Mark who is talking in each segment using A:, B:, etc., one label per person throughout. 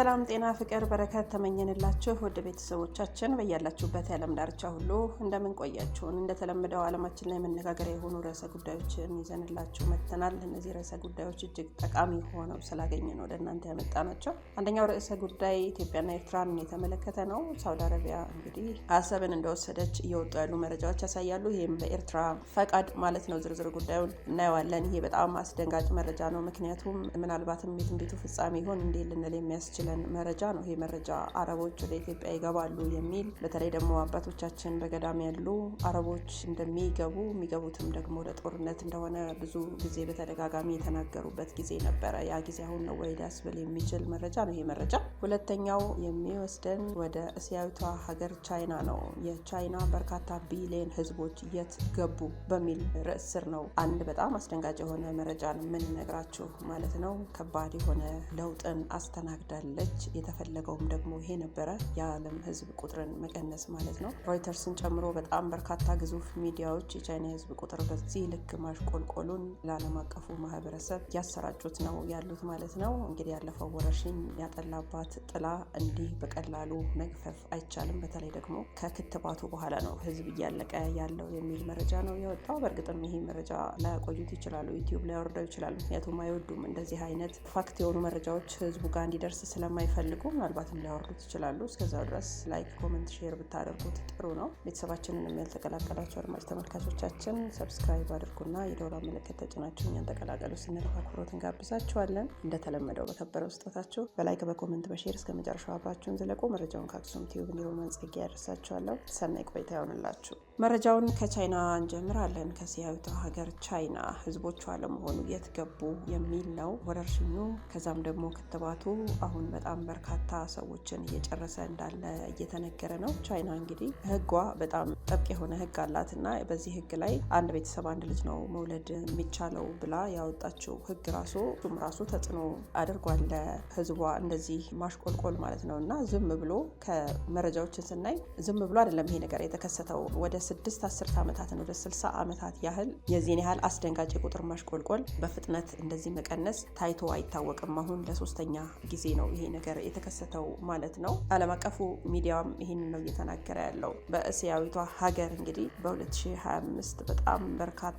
A: ሰላም ጤና ፍቅር በረከት ተመኘንላችሁ ውድ ቤተሰቦቻችን በያላችሁበት የዓለም ዳርቻ ሁሉ እንደምን ቆያችሁን? እንደተለመደው ዓለማችን ላይ መነጋገሪያ የሆኑ ርዕሰ ጉዳዮችን ይዘንላችሁ መጥተናል። እነዚህ ርዕሰ ጉዳዮች እጅግ ጠቃሚ ሆነው ነው ወደ እናንተ ያመጣ ናቸው። አንደኛው ርዕሰ ጉዳይ ኢትዮጵያና ኤርትራን የተመለከተ ነው። ሳውዲ አረቢያ እንግዲህ አሰብን እንደወሰደች እየወጡ ያሉ መረጃዎች ያሳያሉ። ይህም በኤርትራ ፈቃድ ማለት ነው። ዝርዝር ጉዳዩን እናየዋለን። ይሄ በጣም አስደንጋጭ መረጃ ነው። ምክንያቱም ምናልባትም የትንቢቱ ፍጻሜ ይሆን እንዴ ልንል የሚያስችል ያለን መረጃ ነው። ይሄ መረጃ አረቦች ወደ ኢትዮጵያ ይገባሉ የሚል በተለይ ደግሞ አባቶቻችን በገዳም ያሉ አረቦች እንደሚገቡ የሚገቡትም ደግሞ ለጦርነት እንደሆነ ብዙ ጊዜ በተደጋጋሚ የተናገሩበት ጊዜ ነበረ። ያ ጊዜ አሁን ነው ወይ ሊያስብል የሚችል መረጃ ነው ይሄ መረጃ። ሁለተኛው የሚወስደን ወደ እስያዊቷ ሀገር ቻይና ነው። የቻይና በርካታ ቢሊየን ህዝቦች የት ገቡ በሚል ርዕስ ስር ነው አንድ በጣም አስደንጋጭ የሆነ ነው የምንነግራችሁ ማለት ነው። ከባድ የሆነ ለውጥን አስተናግዳለን ትችላለች። የተፈለገውም ደግሞ ይሄ ነበረ፣ የዓለም ህዝብ ቁጥርን መቀነስ ማለት ነው። ሮይተርስን ጨምሮ በጣም በርካታ ግዙፍ ሚዲያዎች የቻይና ህዝብ ቁጥር በዚህ ልክ ማሽቆልቆሉን ለዓለም አቀፉ ማህበረሰብ እያሰራጩት ነው ያሉት ማለት ነው። እንግዲህ ያለፈው ወረርሽኝ ያጠላባት ጥላ እንዲህ በቀላሉ መግፈፍ አይቻልም። በተለይ ደግሞ ከክትባቱ በኋላ ነው ህዝብ እያለቀ ያለው የሚል መረጃ ነው የወጣው። በእርግጥም ይሄ መረጃ ላያቆዩት ይችላሉ፣ ዩቲዩብ ላያወርደው ይችላል። ምክንያቱም አይወዱም እንደዚህ አይነት ፋክት የሆኑ መረጃዎች ህዝቡ ጋር እንዲደርስ ስለ ስለማይፈልጉ ምናልባትም ሊያወርዱት ይችላሉ። እስከዛው ድረስ ላይክ፣ ኮመንት፣ ሼር ብታደርጉት ጥሩ ነው። ቤተሰባችንን ያልተቀላቀላችሁ አድማጭ ተመልካቾቻችን ሰብስክራይብ አድርጉና የደወል ምልክት ተጭናችሁ እኛን ተቀላቀሉ ስንል አክብሮት እንጋብዛችኋለን። እንደተለመደው በከበረው ስጦታችሁ በላይክ በኮመንት በሼር እስከ መጨረሻው አብራችሁን ዘለቁ። መረጃውን ከአክሱም ቲዩብ ኒሮ መንጸጊያ ያደርሳችኋለሁ። ሰናይ ቆይታ ይሆንላችሁ። መረጃውን ከቻይና እንጀምራለን። ከሲያዊቷ ሀገር ቻይና ህዝቦቿ ለመሆኑ የት ገቡ የሚል ነው ወረርሽኙ። ከዛም ደግሞ ክትባቱ አሁን በጣም በርካታ ሰዎችን እየጨረሰ እንዳለ እየተነገረ ነው። ቻይና እንግዲህ ህጓ በጣም ጥብቅ የሆነ ህግ አላት እና በዚህ ህግ ላይ አንድ ቤተሰብ አንድ ልጅ ነው መውለድ የሚቻለው ብላ ያወጣችው ህግ ራሱ እሱም ራሱ ተጽዕኖ አድርጓል ለህዝቧ እንደዚህ ማሽቆልቆል ማለት ነው እና ዝም ብሎ ከመረጃዎችን ስናይ ዝም ብሎ አይደለም ይሄ ነገር የተከሰተው ወደ ስድስት አስርት ዓመታትን ወደ ስልሳ ዓመታት ያህል የዚህን ያህል አስደንጋጭ የቁጥር ማሽቆልቆል በፍጥነት እንደዚህ መቀነስ ታይቶ አይታወቅም። አሁን ለሶስተኛ ጊዜ ነው ይሄ ነገር የተከሰተው ማለት ነው። ዓለም አቀፉ ሚዲያም ይህን ነው እየተናገረ ያለው። በእስያዊቷ ሀገር እንግዲህ በ2025 በጣም በርካታ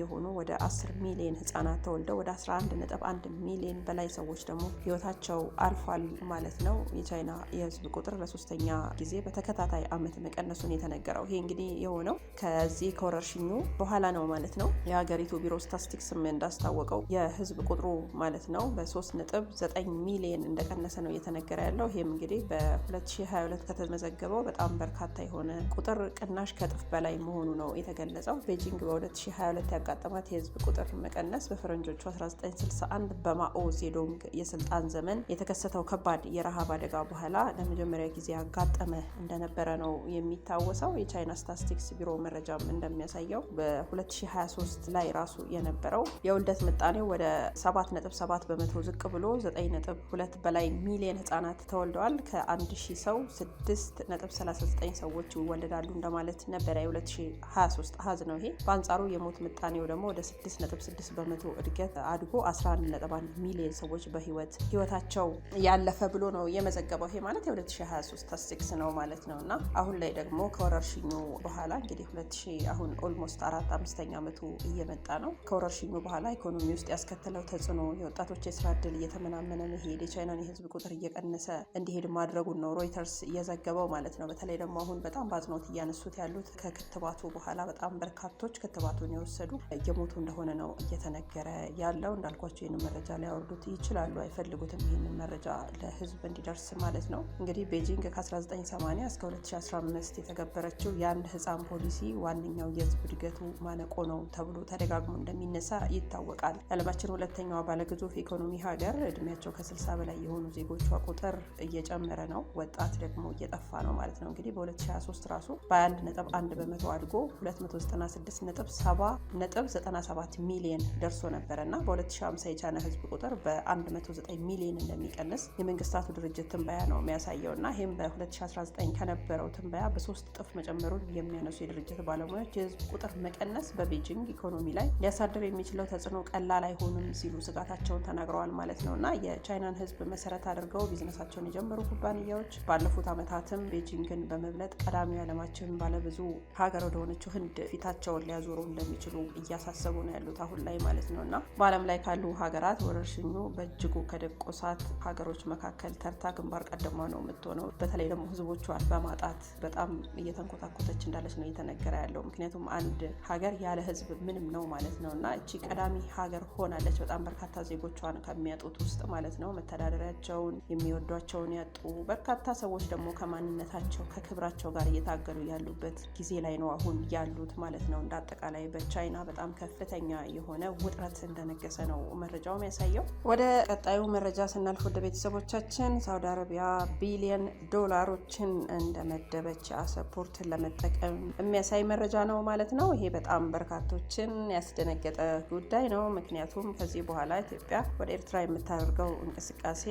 A: የሆኑ ወደ 10 ሚሊዮን ህጻናት ተወልደው ወደ 11.1 ሚሊዮን በላይ ሰዎች ደግሞ ህይወታቸው አልፏል ማለት ነው። የቻይና የህዝብ ቁጥር ለሶስተኛ ጊዜ በተከታታይ አመት መቀነሱን የተነገረው ይሄ እንግዲህ የሆነው ከዚህ ከወረርሽኙ በኋላ ነው ማለት ነው። የሀገሪቱ ቢሮ ስታስቲክስም እንዳስታወቀው የህዝብ ቁጥሩ ማለት ነው በ3.9 ሚሊየን እንደቀነሰ ነው እየተነገረ ያለው። ይህም እንግዲህ በ2022 ከተመዘገበው በጣም በርካታ የሆነ ቁጥር ቅናሽ ከጥፍ በላይ መሆኑ ነው የተገለጸው። ቤጂንግ በ2022 ያጋጠማት የህዝብ ቁጥር መቀነስ በፈረንጆቹ 1961 በማኦ ዜዶንግ የስልጣን ዘመን የተከሰተው ከባድ የረሃብ አደጋ በኋላ ለመጀመሪያ ጊዜ ያጋጠመ እንደነበረ ነው የሚታወሰው የቻይና ስታስቲክስ ስታቲስቲክስ ቢሮ መረጃም እንደሚያሳየው በ2023 ላይ ራሱ የነበረው የውልደት ምጣኔው ወደ 7.7 በመቶ ዝቅ ብሎ 9.2 በላይ ሚሊየን ህጻናት ተወልደዋል። ከ1000 ሰው 6.39 ሰዎች ይወለዳሉ እንደማለት ነበረ። የ2023 አሀዝ ነው ይሄ። በአንጻሩ የሞት ምጣኔው ደግሞ ወደ 6.6 በመቶ እድገት አድጎ 11.1 ሚሊየን ሰዎች በህይወት ህይወታቸው ያለፈ ብሎ ነው የመዘገበው። ይሄ ማለት የ2023 ታስቲክስ ነው ማለት ነው እና አሁን ላይ ደግሞ ከወረርሽኙ በኋላ በኋላ እንግዲህ ሁለት አሁን ኦልሞስት አራት አምስተኛ ዓመቱ እየመጣ ነው። ከወረርሽኙ በኋላ ኢኮኖሚ ውስጥ ያስከተለው ተጽዕኖ የወጣቶች የስራ እድል እየተመናመነ መሄድ፣ የቻይናን የህዝብ ቁጥር እየቀነሰ እንዲሄድ ማድረጉን ነው ሮይተርስ እየዘገበው ማለት ነው። በተለይ ደግሞ አሁን በጣም በአጽንኦት እያነሱት ያሉት ከክትባቱ በኋላ በጣም በርካቶች ክትባቱን የወሰዱ እየሞቱ እንደሆነ ነው እየተነገረ ያለው። እንዳልኳቸው ይህንን መረጃ ሊያወርዱት ይችላሉ፣ አይፈልጉትም ይህንን መረጃ ለህዝብ እንዲደርስ ማለት ነው። እንግዲህ ቤጂንግ ከ1980 እስከ 2015 የተገበረችው የአንድ ህፃ የሰላም ፖሊሲ ዋነኛው የህዝብ እድገቱ ማነቆ ነው ተብሎ ተደጋግሞ እንደሚነሳ ይታወቃል። የዓለማችን ሁለተኛዋ ባለግዙፍ ኢኮኖሚ ሀገር እድሜያቸው ከ60 በላይ የሆኑ ዜጎቿ ቁጥር እየጨመረ ነው፣ ወጣት ደግሞ እየጠፋ ነው ማለት ነው። እንግዲህ በ2023 ራሱ በ1.1 በመቶ አድጎ 296.97 ሚሊየን ደርሶ ነበረ እና በ2050 የቻይና ህዝብ ቁጥር በ109 ሚሊየን እንደሚቀንስ የመንግስታቱ ድርጅት ትንበያ ነው የሚያሳየው እና ይህም በ2019 ከነበረው ትንበያ በሶስት እጥፍ መጨመሩን የሚያ የሚያነሱ የድርጅት ባለሙያዎች የህዝብ ቁጥር መቀነስ በቤጂንግ ኢኮኖሚ ላይ ሊያሳድር የሚችለው ተጽዕኖ ቀላል አይሆንም ሲሉ ስጋታቸውን ተናግረዋል ማለት ነው እና የቻይናን ህዝብ መሰረት አድርገው ቢዝነሳቸውን የጀመሩ ኩባንያዎች ባለፉት ዓመታትም ቤጂንግን በመብለጥ ቀዳሚው የዓለማችን ባለብዙ ሀገር ወደሆነችው ህንድ ፊታቸውን ሊያዞሩ እንደሚችሉ እያሳሰቡ ነው ያሉት አሁን ላይ ማለት ነው እና በዓለም ላይ ካሉ ሀገራት ወረርሽኙ በእጅጉ ከደቆሳት ሀገሮች መካከል ተርታ ግንባር ቀደማ ነው የምትሆነው። በተለይ ደግሞ ህዝቦቿን በማጣት በጣም እየተንኮታኮተች እንዳለች እንደሆነች ነው እየተነገረ ያለው። ምክንያቱም አንድ ሀገር ያለ ህዝብ ምንም ነው ማለት ነው እና እቺ ቀዳሚ ሀገር ሆናለች በጣም በርካታ ዜጎቿን ከሚያጡት ውስጥ ማለት ነው። መተዳደሪያቸውን የሚወዷቸውን ያጡ በርካታ ሰዎች ደግሞ ከማንነታቸው ከክብራቸው ጋር እየታገሉ ያሉበት ጊዜ ላይ ነው አሁን ያሉት ማለት ነው። እንደ አጠቃላይ በቻይና በጣም ከፍተኛ የሆነ ውጥረት እንደነገሰ ነው መረጃው የሚያሳየው። ወደ ቀጣዩ መረጃ ስናልፍ ወደ ቤተሰቦቻችን ሳውዲ አረቢያ ቢሊየን ዶላሮችን እንደመደበች አሰፖርትን ለመጠቀም የሚያሳይ መረጃ ነው ማለት ነው። ይሄ በጣም በርካቶችን ያስደነገጠ ጉዳይ ነው። ምክንያቱም ከዚህ በኋላ ኢትዮጵያ ወደ ኤርትራ የምታደርገው እንቅስቃሴ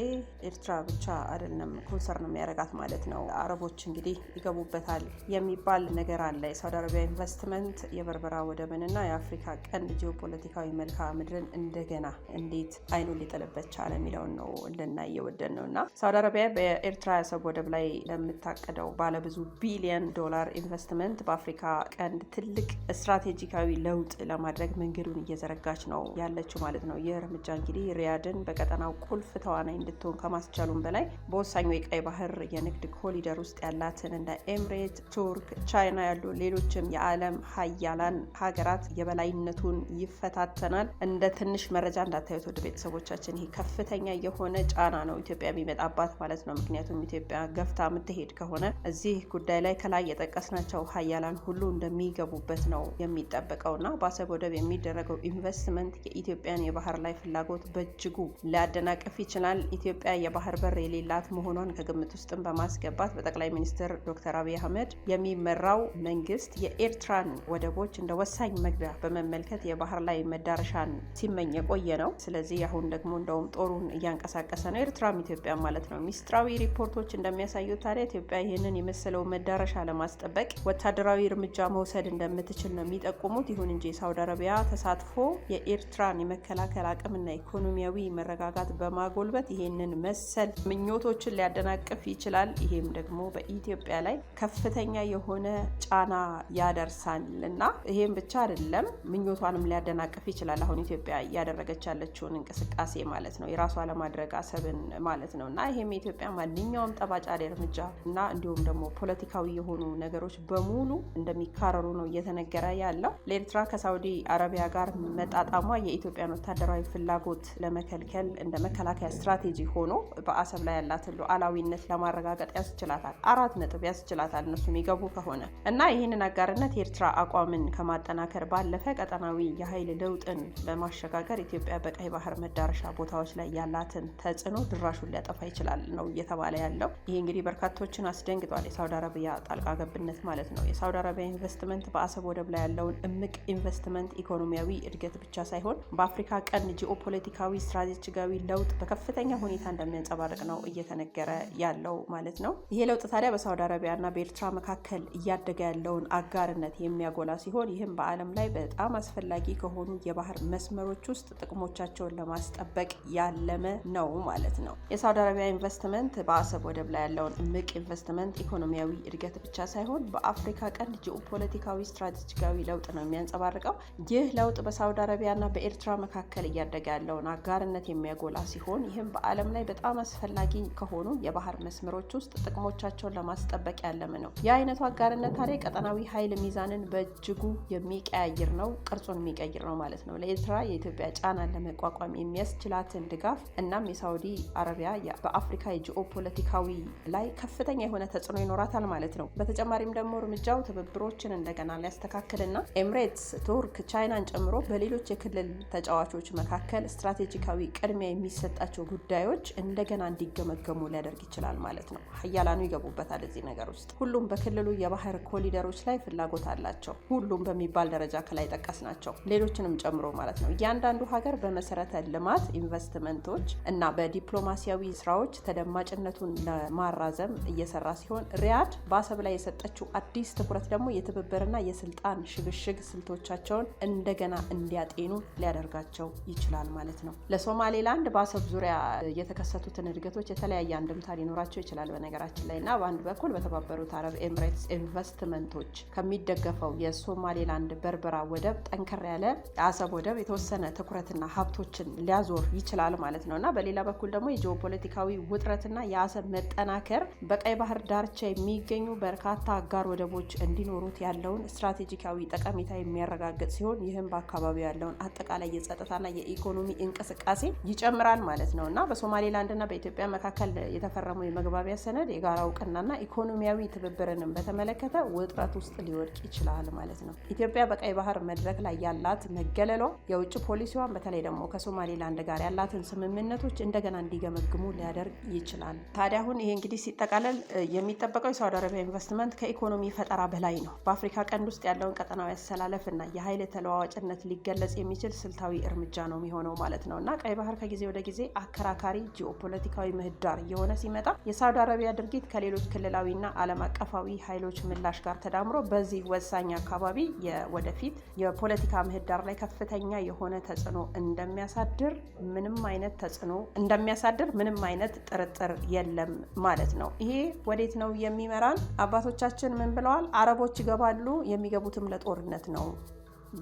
A: ኤርትራ ብቻ አይደለም ኮንሰርን የሚያደርጋት ማለት ነው። አረቦች እንግዲህ ይገቡበታል የሚባል ነገር አለ። የሳውዲ አረቢያ ኢንቨስትመንት የበርበራ ወደብንና የአፍሪካ ቀንድ ጂኦፖለቲካዊ መልክዓ ምድርን እንደገና እንዴት አይኑን ሊጥልበት ቻለ የሚለውን ነው ልናይ የወደን ነው እና ሳውዲ አረቢያ በኤርትራ ያሰብ ወደብ ላይ ለምታቀደው ባለብዙ ቢሊየን ዶላር ኢንቨስትመንት በአፍሪካ ቀንድ ትልቅ ስትራቴጂካዊ ለውጥ ለማድረግ መንገዱን እየዘረጋች ነው ያለችው ማለት ነው። ይህ እርምጃ እንግዲህ ሪያድን በቀጠናው ቁልፍ ተዋናይ እንድትሆን ከማስቻሉም በላይ በወሳኙ የቀይ ባህር የንግድ ኮሪደር ውስጥ ያላትን እንደ ኤምሬት፣ ቱርክ፣ ቻይና ያሉ ሌሎችም የዓለም ሀያላን ሀገራት የበላይነቱን ይፈታተናል። እንደ ትንሽ መረጃ እንዳታዩት ወደ ቤተሰቦቻችን ይሄ ከፍተኛ የሆነ ጫና ነው ኢትዮጵያ የሚመጣባት ማለት ነው። ምክንያቱም ኢትዮጵያ ገፍታ የምትሄድ ከሆነ እዚህ ጉዳይ ላይ ከላይ የጠቀስናቸው ሀያላን ሁሉ እንደሚገቡበት ነው የሚጠበቀውና በአሰብ ወደብ የሚደረገው ኢንቨስትመንት የኢትዮጵያን የባህር ላይ ፍላጎት በእጅጉ ሊያደናቅፍ ይችላል። ኢትዮጵያ የባህር በር የሌላት መሆኗን ከግምት ውስጥም በማስገባት በጠቅላይ ሚኒስትር ዶክተር አብይ አህመድ የሚመራው መንግስት የኤርትራን ወደቦች እንደ ወሳኝ መግቢያ በመመልከት የባህር ላይ መዳረሻን ሲመኝ የቆየ ነው። ስለዚህ አሁን ደግሞ እንደውም ጦሩን እያንቀሳቀሰ ነው፣ ኤርትራም ኢትዮጵያ ማለት ነው። ሚስጥራዊ ሪፖርቶች እንደሚያሳዩት ታዲያ ኢትዮጵያ ይህንን የመሰለው መዳረሻ ለማስጠበቅ ወታደ ወታደራዊ እርምጃ መውሰድ እንደምትችል ነው የሚጠቁሙት። ይሁን እንጂ የሳውዲ አረቢያ ተሳትፎ የኤርትራን የመከላከል አቅምና ኢኮኖሚያዊ መረጋጋት በማጎልበት ይህንን መሰል ምኞቶችን ሊያደናቅፍ ይችላል። ይሄም ደግሞ በኢትዮጵያ ላይ ከፍተኛ የሆነ ጫና ያደርሳል እና ይሄም ብቻ አይደለም፣ ምኞቷንም ሊያደናቅፍ ይችላል። አሁን ኢትዮጵያ እያደረገች ያለችውን እንቅስቃሴ ማለት ነው፣ የራሷ ለማድረግ አሰብን ማለት ነው እና ይሄም የኢትዮጵያ ማንኛውም ጠባጫሪ እርምጃ እና እንዲሁም ደግሞ ፖለቲካዊ የሆኑ ነገሮች በሙ በሙሉ እንደሚካረሩ ነው እየተነገረ ያለው። ለኤርትራ ከሳውዲ አረቢያ ጋር መጣጣሟ የኢትዮጵያን ወታደራዊ ፍላጎት ለመከልከል እንደ መከላከያ ስትራቴጂ ሆኖ በአሰብ ላይ ያላትን ሉዓላዊነት ለማረጋገጥ ያስችላታል። አራት ነጥብ ያስችላታል እነሱ የሚገቡ ከሆነ እና ይህንን አጋርነት የኤርትራ አቋምን ከማጠናከር ባለፈ ቀጠናዊ የኃይል ለውጥን ለማሸጋገር ኢትዮጵያ በቀይ ባህር መዳረሻ ቦታዎች ላይ ያላትን ተጽዕኖ ድራሹን ሊያጠፋ ይችላል ነው እየተባለ ያለው። ይህ እንግዲህ በርካቶችን አስደንግጧል። የሳውዲ አረቢያ ጣልቃ ገብነት ማለት ነው። የሳውዲ አረቢያ ኢንቨስትመንት በአሰብ ወደብ ላይ ያለውን እምቅ ኢንቨስትመንት ኢኮኖሚያዊ እድገት ብቻ ሳይሆን በአፍሪካ ቀንድ ጂኦፖለቲካዊ ስትራቴጂካዊ ለውጥ በከፍተኛ ሁኔታ እንደሚያንጸባርቅ ነው እየተነገረ ያለው ማለት ነው። ይሄ ለውጥ ታዲያ በሳውዲ አረቢያና በኤርትራ መካከል እያደገ ያለውን አጋርነት የሚያጎላ ሲሆን ይህም በዓለም ላይ በጣም አስፈላጊ ከሆኑ የባህር መስመሮች ውስጥ ጥቅሞቻቸውን ለማስጠበቅ ያለመ ነው ማለት ነው። የሳውዲ አረቢያ ኢንቨስትመንት በአሰብ ወደብ ላይ ያለውን እምቅ ኢንቨስትመንት ኢኮኖሚያዊ እድገት ብቻ ሳይሆን በአፍሪካ የአፍሪካ ቀንድ ጂኦፖለቲካዊ ስትራቴጂካዊ ለውጥ ነው የሚያንጸባርቀው። ይህ ለውጥ በሳውዲ አረቢያና በኤርትራ መካከል እያደገ ያለውን አጋርነት የሚያጎላ ሲሆን ይህም በዓለም ላይ በጣም አስፈላጊ ከሆኑ የባህር መስመሮች ውስጥ ጥቅሞቻቸውን ለማስጠበቅ ያለም ነው። የአይነቱ አጋርነት ታዲያ ቀጠናዊ ኃይል ሚዛንን በእጅጉ የሚቀያይር ነው፣ ቅርጹን የሚቀይር ነው ማለት ነው። ለኤርትራ የኢትዮጵያ ጫናን ለመቋቋም የሚያስችላትን ድጋፍ እናም የሳውዲ አረቢያ በአፍሪካ የጂኦፖለቲካዊ ላይ ከፍተኛ የሆነ ተጽዕኖ ይኖራታል ማለት ነው። በተጨማሪም ደግሞ እርምጃ እርምጃው ትብብሮችን እንደገና ሊያስተካክልና ኤምሬትስ፣ ቱርክ፣ ቻይናን ጨምሮ በሌሎች የክልል ተጫዋቾች መካከል ስትራቴጂካዊ ቅድሚያ የሚሰጣቸው ጉዳዮች እንደገና እንዲገመገሙ ሊያደርግ ይችላል ማለት ነው። ሀያላኑ ይገቡበታል እዚህ ነገር ውስጥ። ሁሉም በክልሉ የባህር ኮሊደሮች ላይ ፍላጎት አላቸው። ሁሉም በሚባል ደረጃ ከላይ ጠቀስ ናቸው፣ ሌሎችንም ጨምሮ ማለት ነው። እያንዳንዱ ሀገር በመሰረተ ልማት ኢንቨስትመንቶች እና በዲፕሎማሲያዊ ስራዎች ተደማጭነቱን ለማራዘም እየሰራ ሲሆን ሪያድ በአሰብ ላይ የሰጠችው አዲስ ትኩረት ደግሞ የትብብርና የስልጣን ሽግሽግ ስልቶቻቸውን እንደገና እንዲያጤኑ ሊያደርጋቸው ይችላል ማለት ነው። ለሶማሌላንድ በአሰብ ዙሪያ የተከሰቱትን እድገቶች የተለያየ አንድምታ ሊኖራቸው ይችላል በነገራችን ላይ እና በአንድ በኩል በተባበሩት አረብ ኤምሬትስ ኢንቨስትመንቶች ከሚደገፈው የሶማሌላንድ በርበራ ወደብ ጠንከር ያለ የአሰብ ወደብ የተወሰነ ትኩረትና ሀብቶችን ሊያዞር ይችላል ማለት ነው እና በሌላ በኩል ደግሞ የጂኦፖለቲካዊ ውጥረትና የአሰብ መጠናከር በቀይ ባህር ዳርቻ የሚገኙ በርካታ አጋር ወደቦች እንዲኖሩት ያለውን ስትራቴጂካዊ ጠቀሜታ የሚያረጋግጥ ሲሆን ይህም በአካባቢው ያለውን አጠቃላይ የጸጥታና የኢኮኖሚ እንቅስቃሴ ይጨምራል ማለት ነው እና በሶማሌላንድና በኢትዮጵያ መካከል የተፈረመው የመግባቢያ ሰነድ የጋራ እውቅናና ኢኮኖሚያዊ ትብብርንም በተመለከተ ውጥረት ውስጥ ሊወድቅ ይችላል ማለት ነው። ኢትዮጵያ በቀይ ባህር መድረክ ላይ ያላት መገለሏ የውጭ ፖሊሲዋን በተለይ ደግሞ ከሶማሌላንድ ጋር ያላትን ስምምነቶች እንደገና እንዲገመግሙ ሊያደርግ ይችላል። ታዲያ አሁን ይሄ እንግዲህ ሲጠቃለል የሚጠበቀው የሳውዲ አረቢያ ኢንቨስትመንት ከኢኮኖሚ ፈጠራ ከሰሃራ በላይ ነው። በአፍሪካ ቀንድ ውስጥ ያለውን ቀጠናዊ አሰላለፍ እና የኃይል ተለዋዋጭነት ሊገለጽ የሚችል ስልታዊ እርምጃ ነው የሚሆነው ማለት ነው እና ቀይ ባህር ከጊዜ ወደ ጊዜ አከራካሪ ጂኦፖለቲካዊ ምህዳር እየሆነ ሲመጣ የሳውዲ አረቢያ ድርጊት ከሌሎች ክልላዊና ዓለም አቀፋዊ ኃይሎች ምላሽ ጋር ተዳምሮ በዚህ ወሳኝ አካባቢ የወደፊት የፖለቲካ ምህዳር ላይ ከፍተኛ የሆነ ተጽዕኖ እንደሚያሳድር ምንም አይነት ተጽዕኖ እንደሚያሳድር ምንም አይነት ጥርጥር የለም ማለት ነው። ይሄ ወዴት ነው የሚመራን? አባቶቻችን ምን ብለዋል? አረቦች ይገባሉ። የሚገቡትም ለጦርነት ነው።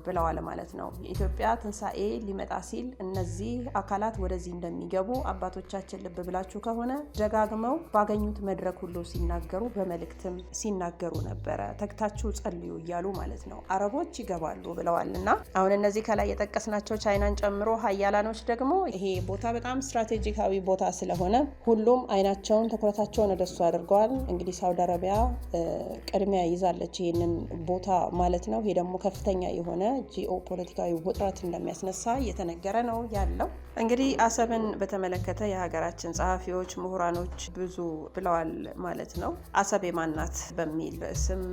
A: ብለዋል ማለት ነው። የኢትዮጵያ ትንሣኤ ሊመጣ ሲል እነዚህ አካላት ወደዚህ እንደሚገቡ አባቶቻችን ልብ ብላችሁ ከሆነ ደጋግመው ባገኙት መድረክ ሁሉ ሲናገሩ፣ በመልእክትም ሲናገሩ ነበረ። ተግታችሁ ጸልዩ እያሉ ማለት ነው። አረቦች ይገባሉ ብለዋል እና አሁን እነዚህ ከላይ የጠቀስናቸው ቻይናን ጨምሮ ሀያላኖች ደግሞ ይሄ ቦታ በጣም ስትራቴጂካዊ ቦታ ስለሆነ ሁሉም አይናቸውን ትኩረታቸውን ወደሱ አድርገዋል። እንግዲህ ሳውዲ አረቢያ ቅድሚያ ይዛለች ይህንን ቦታ ማለት ነው። ይሄ ደግሞ ከፍተኛ የሆነ የሆነ ጂኦ ፖለቲካዊ ውጥረት እንደሚያስነሳ እየተነገረ ነው ያለው። እንግዲህ አሰብን በተመለከተ የሀገራችን ጸሐፊዎች፣ ምሁራኖች ብዙ ብለዋል ማለት ነው። አሰብ የማናት በሚል ስም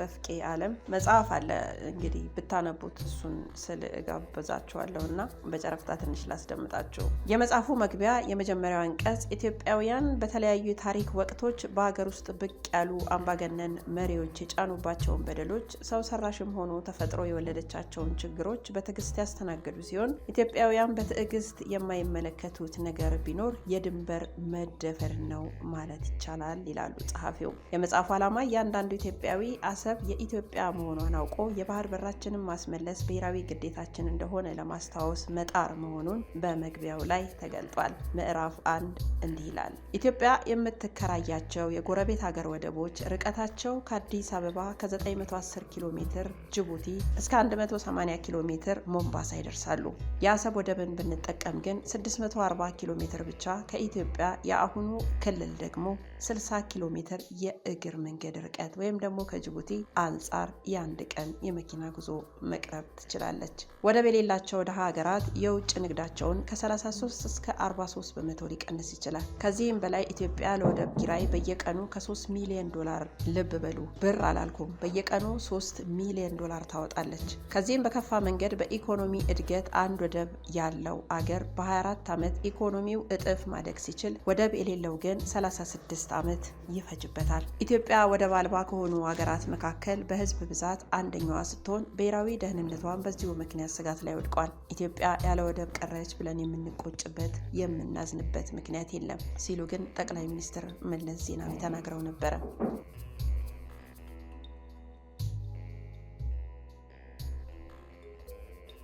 A: በፍቄ አለም መጽሐፍ አለ እንግዲህ ብታነቡት እሱን ስል እጋብዛችኋለሁ እና በጨረፍታ ትንሽ ላስደምጣችሁ። የመጽሐፉ መግቢያ የመጀመሪያው አንቀጽ ኢትዮጵያውያን በተለያዩ የታሪክ ወቅቶች በሀገር ውስጥ ብቅ ያሉ አምባገነን መሪዎች የጫኑባቸውን በደሎች ሰው ሰራሽም ሆኖ ተፈጥሮ የወለ የወለደቻቸውን ችግሮች በትዕግስት ያስተናገዱ ሲሆን ኢትዮጵያውያን በትዕግስት የማይመለከቱት ነገር ቢኖር የድንበር መደፈር ነው ማለት ይቻላል ይላሉ ጸሐፊው። የመጽሐፉ ዓላማ እያንዳንዱ ኢትዮጵያዊ አሰብ የኢትዮጵያ መሆኗን አውቆ የባህር በራችንን ማስመለስ ብሔራዊ ግዴታችን እንደሆነ ለማስታወስ መጣር መሆኑን በመግቢያው ላይ ተገልጧል። ምዕራፍ አንድ እንዲህ ይላል። ኢትዮጵያ የምትከራያቸው የጎረቤት ሀገር ወደቦች ርቀታቸው ከአዲስ አበባ ከ910 ኪሎ ሜትር ጅቡቲ እስከ 180 ኪሎ ሜትር ሞምባሳ ይደርሳሉ። የአሰብ ወደብን ብንጠቀም ግን 640 ኪሎ ሜትር ብቻ ከኢትዮጵያ፣ የአሁኑ ክልል ደግሞ 60 ኪሎ ሜትር የእግር መንገድ ርቀት ወይም ደግሞ ከጅቡቲ አንጻር የአንድ ቀን የመኪና ጉዞ መቅረብ ትችላለች። ወደብ የሌላቸው ወደ ሀገራት የውጭ ንግዳቸውን ከ33 እስከ 43 በመቶ ሊቀንስ ይችላል። ከዚህም በላይ ኢትዮጵያ ለወደብ ኪራይ በየቀኑ ከ3 ሚሊዮን ዶላር ልብ በሉ ብር አላልኩም፣ በየቀኑ 3 ሚሊዮን ዶላር ታወጣለች። ከዚህም በከፋ መንገድ በኢኮኖሚ እድገት አንድ ወደብ ያለው አገር በ24 ዓመት ኢኮኖሚው እጥፍ ማደግ ሲችል ወደብ የሌለው ግን 36 ዓመት ይፈጅበታል። ኢትዮጵያ ወደብ አልባ ከሆኑ ሀገራት መካከል በህዝብ ብዛት አንደኛዋ ስትሆን ብሔራዊ ደህንነቷን በዚሁ ምክንያት ስጋት ላይ ወድቋል። ኢትዮጵያ ያለ ወደብ ቀረች ብለን የምንቆጭበት የምናዝንበት ምክንያት የለም ሲሉ ግን ጠቅላይ ሚኒስትር መለስ ዜናዊ ተናግረው ነበረ።